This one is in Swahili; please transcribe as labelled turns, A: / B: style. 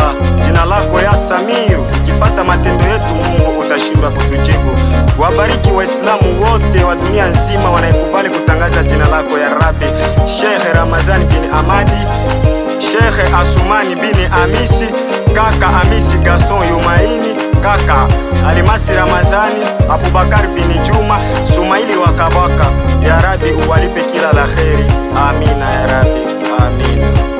A: kuomba jina lako ya Samiu, ukifata matendo yetu Mungu utashindwa kutujibu. Wabariki Waislamu wote wa dunia nzima wanaekubali kutangaza jina lako ya rabi Sheikh Ramazani bin Amadi, Sheikh Asumani bin Amisi, kaka Amisi Gaston Yumaini, kaka Alimasi Ramazani, Abubakar bin Juma, Sumaili wa Kabaka. Ya Rabi, uwalipe kila la kheri. Amina ya Rabi, Amina.